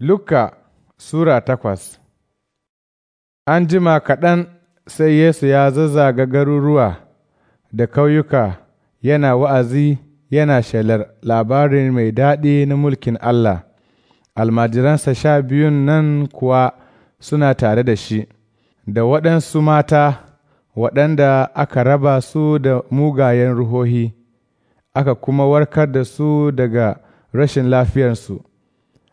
Luka Sura takwas An jima kaɗan sai Yesu ya zazzaga garuruwa da ƙauyuka yana wa'azi yana shelar labarin mai daɗi na mulkin Allah, almajiransa sha biyun nan kuwa suna tare da shi, da waɗansu mata waɗanda aka raba su da mugayen ruhohi, aka kuma warkar da su daga rashin lafiyarsu.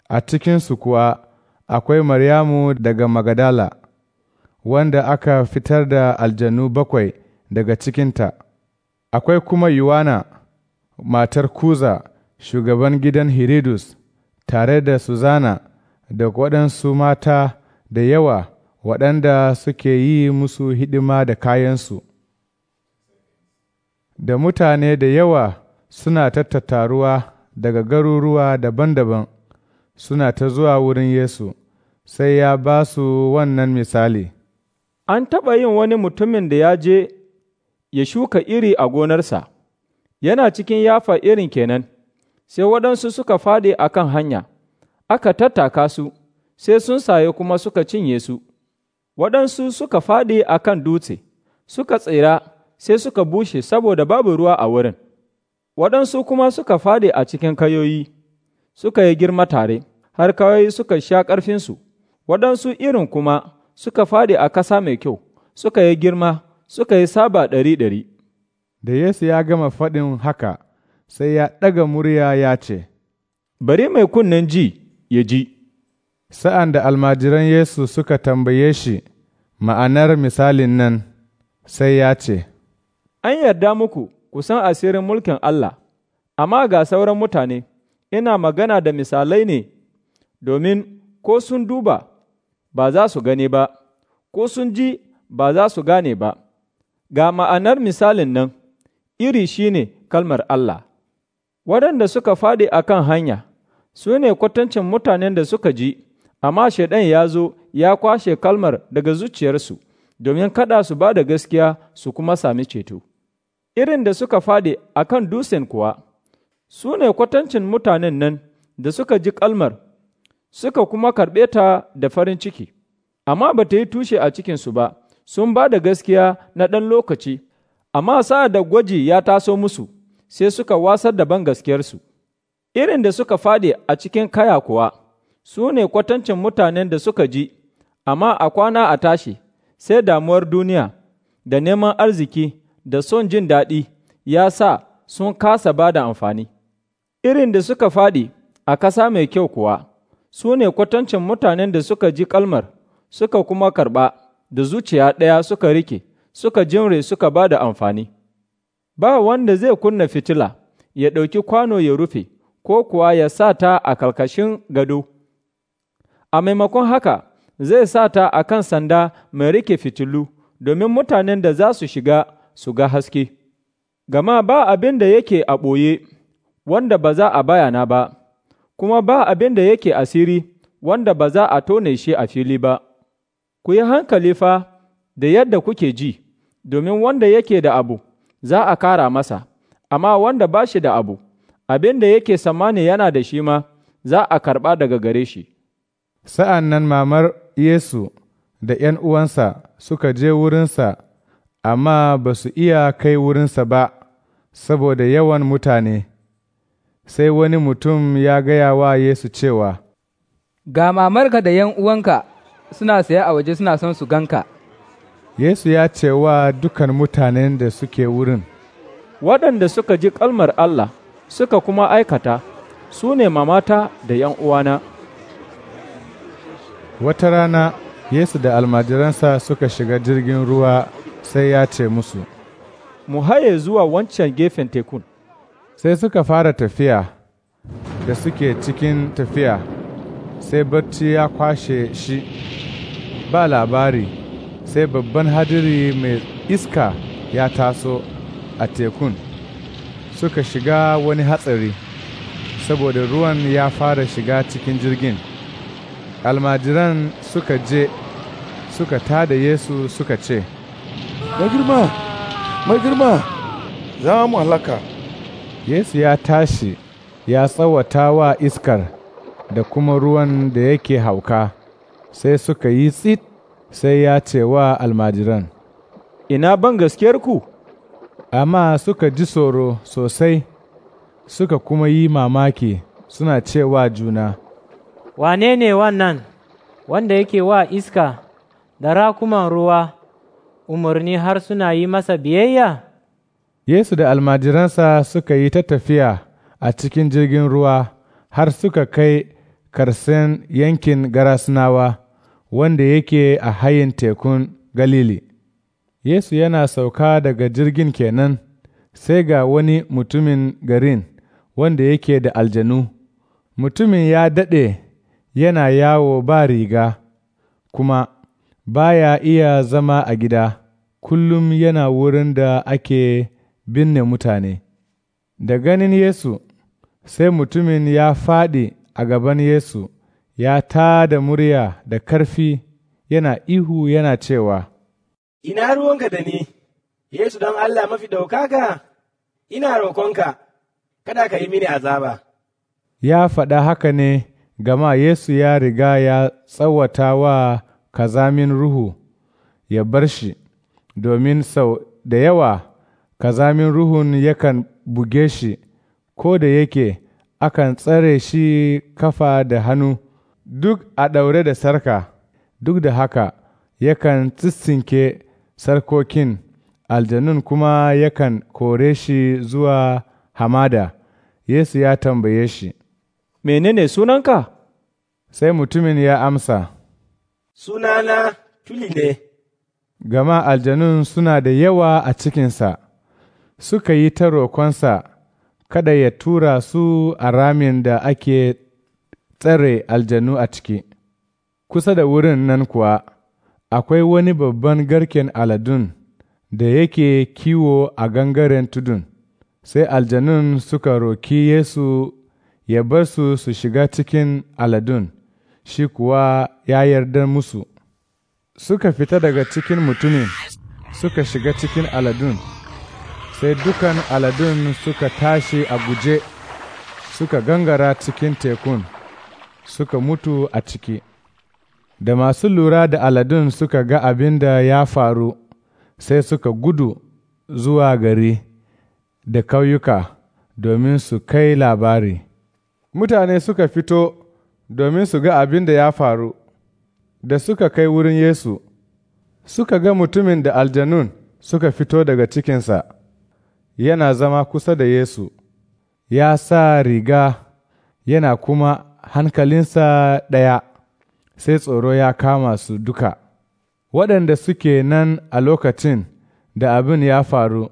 a cikinsu kuwa akwai Maryamu daga Magadala, wanda aka fitar da aljanu bakwai daga cikinta, akwai kuma Yuwana, matar Kuza, shugaban gidan Hiridus, tare da Suzana da waɗansu mata da yawa waɗanda suke yi musu hidima da kayansu. Da mutane da yawa suna tattattaruwa daga garuruwa daban-daban. suna ta zuwa wurin Yesu, sai ya ba su wannan misali. An taɓa yin wani mutumin da ya je ya shuka iri a gonarsa, yana cikin yafa irin kenan, sai waɗansu suka faɗi a kan hanya, aka tattaka su, sai sun saye kuma suka cinye su, waɗansu suka faɗi a kan dutse, suka tsira, sai suka bushe saboda babu ruwa a wurin, waɗansu kuma suka faɗi a cikin kayoyi, suka yi girma tare. har kawai suka sha ƙarfinsu, waɗansu irin kuma suka faɗi a ƙasa mai kyau, suka yi girma, suka yi saba ɗari-ɗari. Da Yesu ya gama faɗin haka, sai ya ɗaga murya ya ce, Bari mai kunnen ji ya ji. Sa'an da almajiran Yesu suka tambaye shi ma'anar misalin nan, sai ya ce, An yarda muku kusan asirin mulkin Allah, amma ga sauran mutane, ina magana da misalai ne domin ko sun duba ba za su gane ba, ko sun ji ba za su gane ba. Ga ma'anar misalin nan, iri shi ne kalmar Allah. Waɗanda suka faɗi a kan hanya, su ne kwatancin mutanen da suka ji, amma shaidan ya zo ya kwashe kalmar daga zuciyarsu, domin kada su ba da gaskiya su kuma sami ceto. Irin da suka faɗi a kan dusen kuwa, su ne kwatancin mutanen nan da suka ji kalmar suka kuma karɓe ta da farin ciki, amma ba ta yi tushe a cikinsu ba, sun ba da gaskiya na ɗan lokaci, amma sa'ad da gwaji ya taso musu, sai suka wasar da ban gaskiyarsu. Irin da suka fade a cikin kaya kuwa, su ne kwatancin mutanen da suka ji, amma a kwana a tashi, sai damuwar duniya, da neman arziki, da son jin daɗi, ya sa sun kasa ba da amfani. Irin da suka fadi a ƙasa mai kyau kuwa. su ne kwatancin mutanen da suka ji kalmar, suka kuma karɓa, da zuciya ɗaya suka rike, suka jimre suka ba da amfani. Ba wanda zai kunna fitila, ya ɗauki kwano ya rufe, ko kuwa ya sa ta a kalkashin gado. A maimakon haka, zai sa ta a kan sanda mai rike fitilu, domin mutanen da za su shiga su ga haske. Gama ba abin da yake a ɓoye, wanda ba za a bayana ba. kuma ba abin da yake asiri wanda ba za a tone shi a fili ba, ku yi hankali fa da yadda kuke ji, domin wanda yake da abu za a kara masa, amma wanda ba shi da abu, abin da yake samani yana da shi ma za a karɓa daga gare shi. Sa'an nan mamar Yesu da ’yan uwansa suka je wurinsa, amma ba su iya kai wurinsa ba, saboda yawan mutane. sai wani mutum ya gaya wa Yesu cewa, Ga mamarka da ’yan uwanka suna saya a waje suna son su ganka. Yesu ya ce wa dukan mutanen da suke wurin, Waɗanda suka ji kalmar Allah suka kuma aikata, su ne mamata da ’yan uwana. Wata rana, Yesu da almajiransa suka shiga jirgin ruwa sai ya ce musu, Mu haye zuwa wancan gefen tekun. sai suka fara tafiya da suke cikin tafiya sai barci ya kwashe shi ba labari sai babban hadiri mai iska ya taso a tekun suka shiga wani hatsari saboda ruwan ya fara shiga cikin jirgin almajiran suka je suka tada yesu suka ce mai girma mai girma za mu halaka Yesu ya tashi ya tsawata wa iskar da kuma ruwan da yake hauka, sai suka yi tsit sai ya ce wa almajiran, Ina ban gaskiyarku? Amma suka ji tsoro sosai, suka kuma yi mamaki suna cewa juna. Wane ne wannan wanda yake wa iska da rakuman ruwa umarni har suna yi masa biyayya? Yesu da almajiransa suka yi ta tafiya a cikin jirgin ruwa har suka kai karsen yankin Garasnawa wanda yake a hayin tekun Galili. Yesu yana sauka daga jirgin kenan sai ga wani mutumin garin wanda yake da aljanu. Mutumin ya daɗe yana yawo ba riga kuma baya iya zama a gida, kullum yana wurin da ake binne mutane. Da ganin Yesu, sai mutumin ya faɗi a gaban Yesu, ya tā da murya da ƙarfi yana ihu yana cewa, Ina ruwanka da ni, Yesu don Allah mafi ɗaukaka, ina roƙonka, kada ka yi mini azaba. Ya faɗa haka ne, gama Yesu ya riga ya tsawata wa kazamin ruhu ya bar shi, domin sau da yawa kazamin ruhun yakan buge shi, ko da yake akan tsare shi kafa da hannu, duk a ɗaure da sarka, duk da haka yakan tsitsinke sarkokin, aljanun kuma yakan kore shi zuwa hamada. Yesu ya tambaye shi, Menene sunanka? Sai mutumin ya amsa, Sunana tuli ne. Gama aljanun suna da yawa a cikinsa. suka yi ta roƙonsa kada ya tura su a ramin da ake tsare aljanu a ciki. Kusa da wurin nan kuwa, akwai wani babban garken aladun da yake kiwo a gangaren tudun, sai aljanun suka roki Yesu ya bar su su shiga cikin aladun, shi kuwa ya yarda musu. Suka fita daga cikin mutumin, suka shiga cikin aladun. sai dukan aladun suka tashi a guje suka gangara cikin tekun suka mutu a ciki da masu lura da aladun suka ga abin da ya faru sai suka gudu zuwa gari da kauyuka domin su kai labari mutane suka fito domin su ga abin da ya faru da suka kai wurin yesu suka ga mutumin da aljanun suka fito daga cikinsa yana zama kusa da Yesu, ya sa riga yana kuma hankalinsa ɗaya, sai tsoro ya kama su duka. Waɗanda suke nan a lokacin da abin ya faru,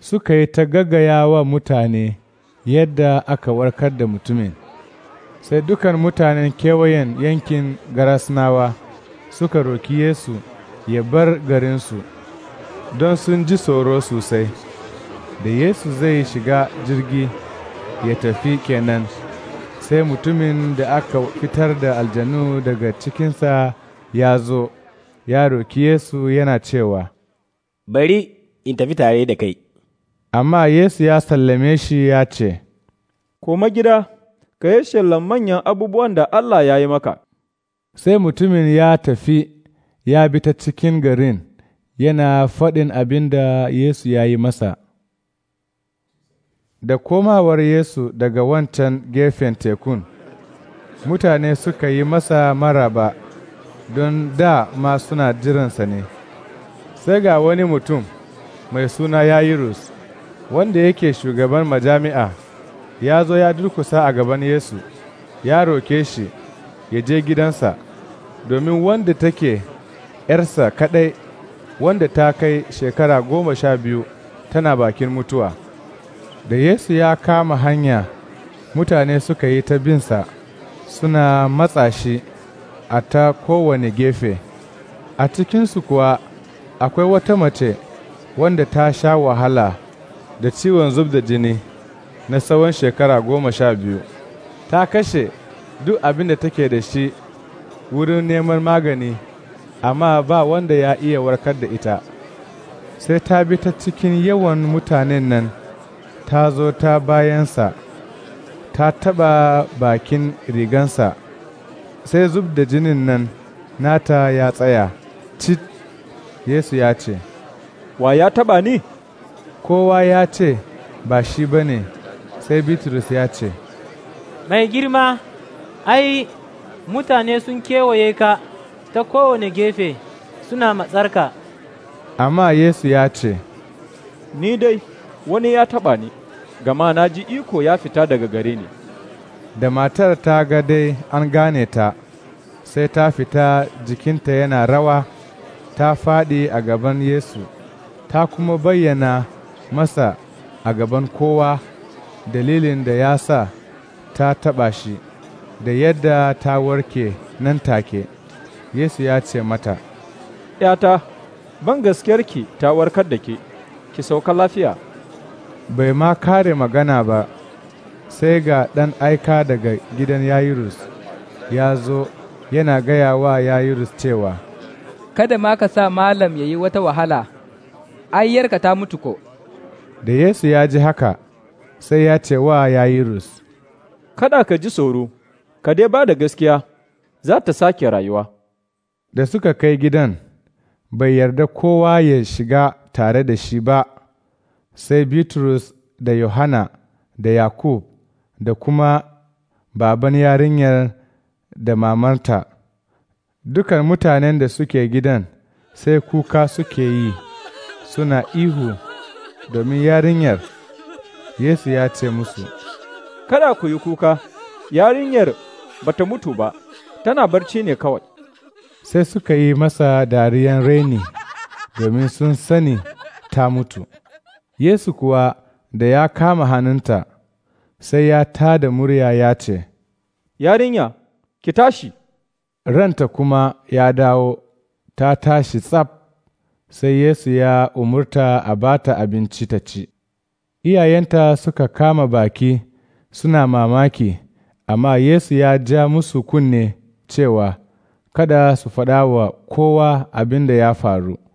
suka yi ta gaggaya wa mutane yadda aka warkar da mutumin. Sai dukan mutanen kewayen yankin Garasnawa suka roki Yesu ya bar garinsu, don sun ji tsoro sosai. da Yesu zai shiga jirgi ya tafi kenan sai mutumin da aka fitar da aljanu daga cikinsa ya zo ya roki Yesu yana cewa, Bari in tafi tare da kai. Amma Yesu ya sallame shi ya ce, Koma gida, ka yi shallan manyan abubuwan da Allah ya yi maka. Sai mutumin ya tafi ya bi ta cikin garin yana faɗin abin da Yesu ya yi masa. Da komawar Yesu daga wancan gefen tekun, mutane suka yi masa maraba don da ma suna jiransa ne. Sai ga wani mutum mai suna Yayirus, wanda yake shugaban majami'a, ya zo ya durkusa a gaban Yesu, ya roke shi ya je gidansa, domin wanda take ‘yarsa kaɗai, wanda ta kai shekara goma sha biyu tana bakin mutuwa. Da Yesu ya kama hanya, mutane suka yi ta binsa, suna matsa shi a ta kowane gefe. A cikinsu kuwa akwai wata mace wanda ta sha wahala da ciwon zub da jini na tsawon shekara goma sha biyu. Ta kashe duk abin da take da shi wurin neman magani, amma ba wanda ya iya warkar da ita. Sai ta bi ta cikin yawan mutanen nan. ta zo ta bayansa ta taɓa bakin rigansa sai zub da jinin nan nata ya tsaya cit yesu ya ce wa ya taɓa ni kowa ya ce ba shi ba ne sai bitrus ya ce mai girma ai mutane sun kewaye ka ta kowane gefe suna matsarka amma yesu ya ce ni dai wani ya taɓa ni gama na ji iko ya fita daga gare ni. Da matar ta ga dai an gane ta, sai ta fita jikinta yana rawa, ta faɗi a gaban Yesu, ta kuma bayyana masa a gaban kowa dalilin da ya sa ta taɓa shi, da yadda ta warke nan take. Yesu ya ce mata, ‘Yata, ban gaskiyarki ta warkar da ke, ki sauka lafiya’. bai ma kare magana ba sai ga ɗan aika daga gidan yayirus ya zo yana gaya wa yayirus cewa kada ma ka sa malam ya yi wata wahala ayyarka ta mutu ko da yesu ya ji haka sai ya ce wa yayirus kada ka ji tsoro ka dai ba da gaskiya za ta sake rayuwa da suka kai gidan bai yarda kowa ya shiga tare da shi ba sai Bitrus da Yohana da Yakub da kuma baban yarinyar da mamarta, dukan mutanen da suke gidan sai kuka suke yi suna ihu domin yarinyar, Yesu ya ce musu, Kada ku yi kuka, yarinyar ba ta mutu ba, tana barci ne kawai. Sai suka yi masa dariyan reni domin sun sani ta mutu. Yesu kuwa da ya kama hannunta sai ya ta da murya ya ce, Yarinya, ki tashi! Ranta kuma ya dawo, ta tashi tsaf, sai Yesu ya umurta a bata abinci ta ci. Iyayenta suka kama baki suna mamaki, amma Yesu ya ja musu kunne cewa, Kada su faɗa wa kowa abin da ya faru.